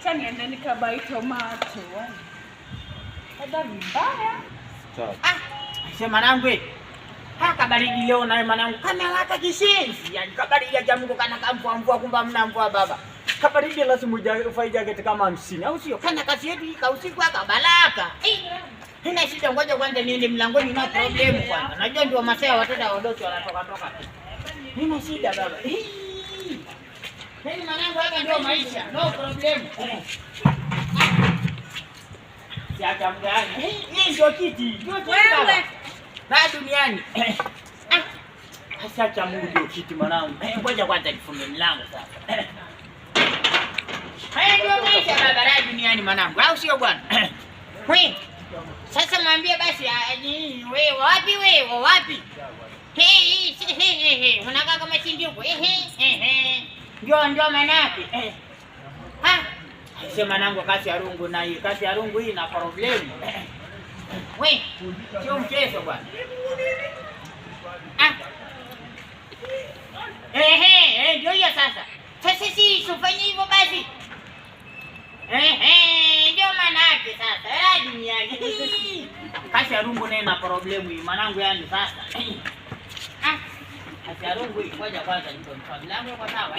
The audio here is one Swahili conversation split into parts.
Acha niende nikabai tomato. Kada vibaya. Ah, mwanangu haka baridi leo naye mwanangu kana hata kishenzi. Yaani kabaridi ya jamu kana kamvua mvua kumba mna mvua baba. Kabaridi lazima ufai jacket kama hamsini au sio? Kana kazi yetu ika usiku aka balaka. Eh, hina shida ngoja kwanza niende mlangoni na problem kwanza. Najua ndio masaa watoto wadogo wanatoka toka. Hina shida baba. Eh. Mimi yaani mwanangu, hapa ndio maisha, no problem. Siacha mgani. Hii ndio kiti. Wewe bado duniani. Siacha Mungu ndio kiti mwanangu. Eh, ngoja kwanza nifunge mlango sasa. Haya ndio maisha barabara duniani mwanangu. Au sio bwana? Wewe sasa mwambie basi ah, wewe wapi wewe wapi? Hey, hey, hey, hey. Unakaa kama si ndio ndio maana yake eh. Aise mwanangu, kasi ya rungu na hii kasi ya rungu hii na problem. eh. We sio mchezo bwana ah. Eh, eh, eh, ndio hiyo sasa. Sasa si sifanye hivyo basi Eh eh, ndio maana yake sasa Eh, dunia hii. kasi ya rungu naye na problem hii manangu yani sasa ah. kasi ya rungu hii, ngoja kwanza ndio mfano langu kwa sawa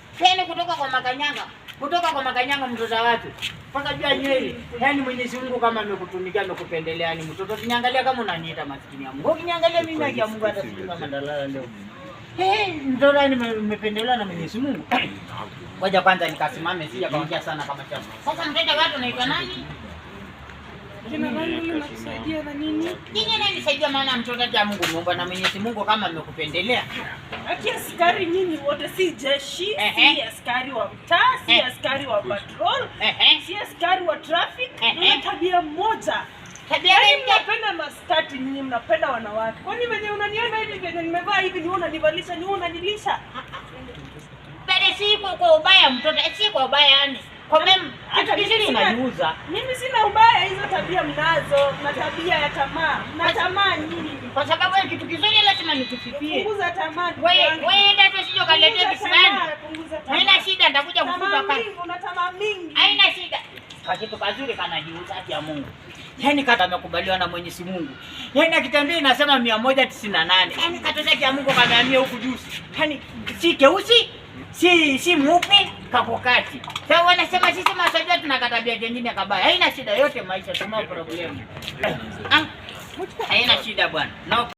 Yaani kutoka kwa Makanyanga, kutoka kwa Makanyanga mtoto watu mpaka jua nywele. Yaani Mwenyezi Mungu kama amekutumikia amekupendelea ni mtoto, kinyangalia kama unaniita maskini ya Mungu. Ukiniangalia mimi ya Mungu hata sijui kama ndalala leo. Hey, mtoto mependelewa na Mwenyezi Mungu. Ngoja kwanza nikasimame sija kaongea sana kama chama. Sasa mtenda watu naitwa nani? Jina langu nini? Jina maana mtoto wa Mungu Mungu na Mwenyezi Mungu kama amekupendelea. Aki askari nyinyi wote si jeshi, si askari wa mtaa, si askari wa patrol, si askari wa traffic, na tabia moja. Tabia gani? Mnapenda mastati nyinyi, mnapenda wanawake. Kwani venye unaniona hivi venye nimevaa hivi ni wewe unanivalisha, ni wewe unanilisha. Bado si kwa ubaya mtoto, si kwa ubaya yani. Kwa mimi mnaiuza. Mimi sina ubaya, hizo tabia mnazo na tabia ya tamaa na tamaa nyingi, kwa sababu ya kitu kizuri lazima nikusifie. Punguza tamaa, wewe wewe, enda tu, sio kaletea kitu gani. Haina shida, nitakuja kufuta pale. Una tamaa mingi, haina shida. Kwa Kakitu kazuri kanajiuza ya Mungu. Yaani kata amekubaliwa na Mwenyezi Mungu. Yaani akitambia inasema 198. Yaani kata ya Mungu kaniamia huku juu. Yaani si keusi si si mupi kako kati. Sasa wanasema sisi masajia tunakatabia jengine kabaya. Haina shida yote maisha, tuma problem. Haina shida ah, bwana.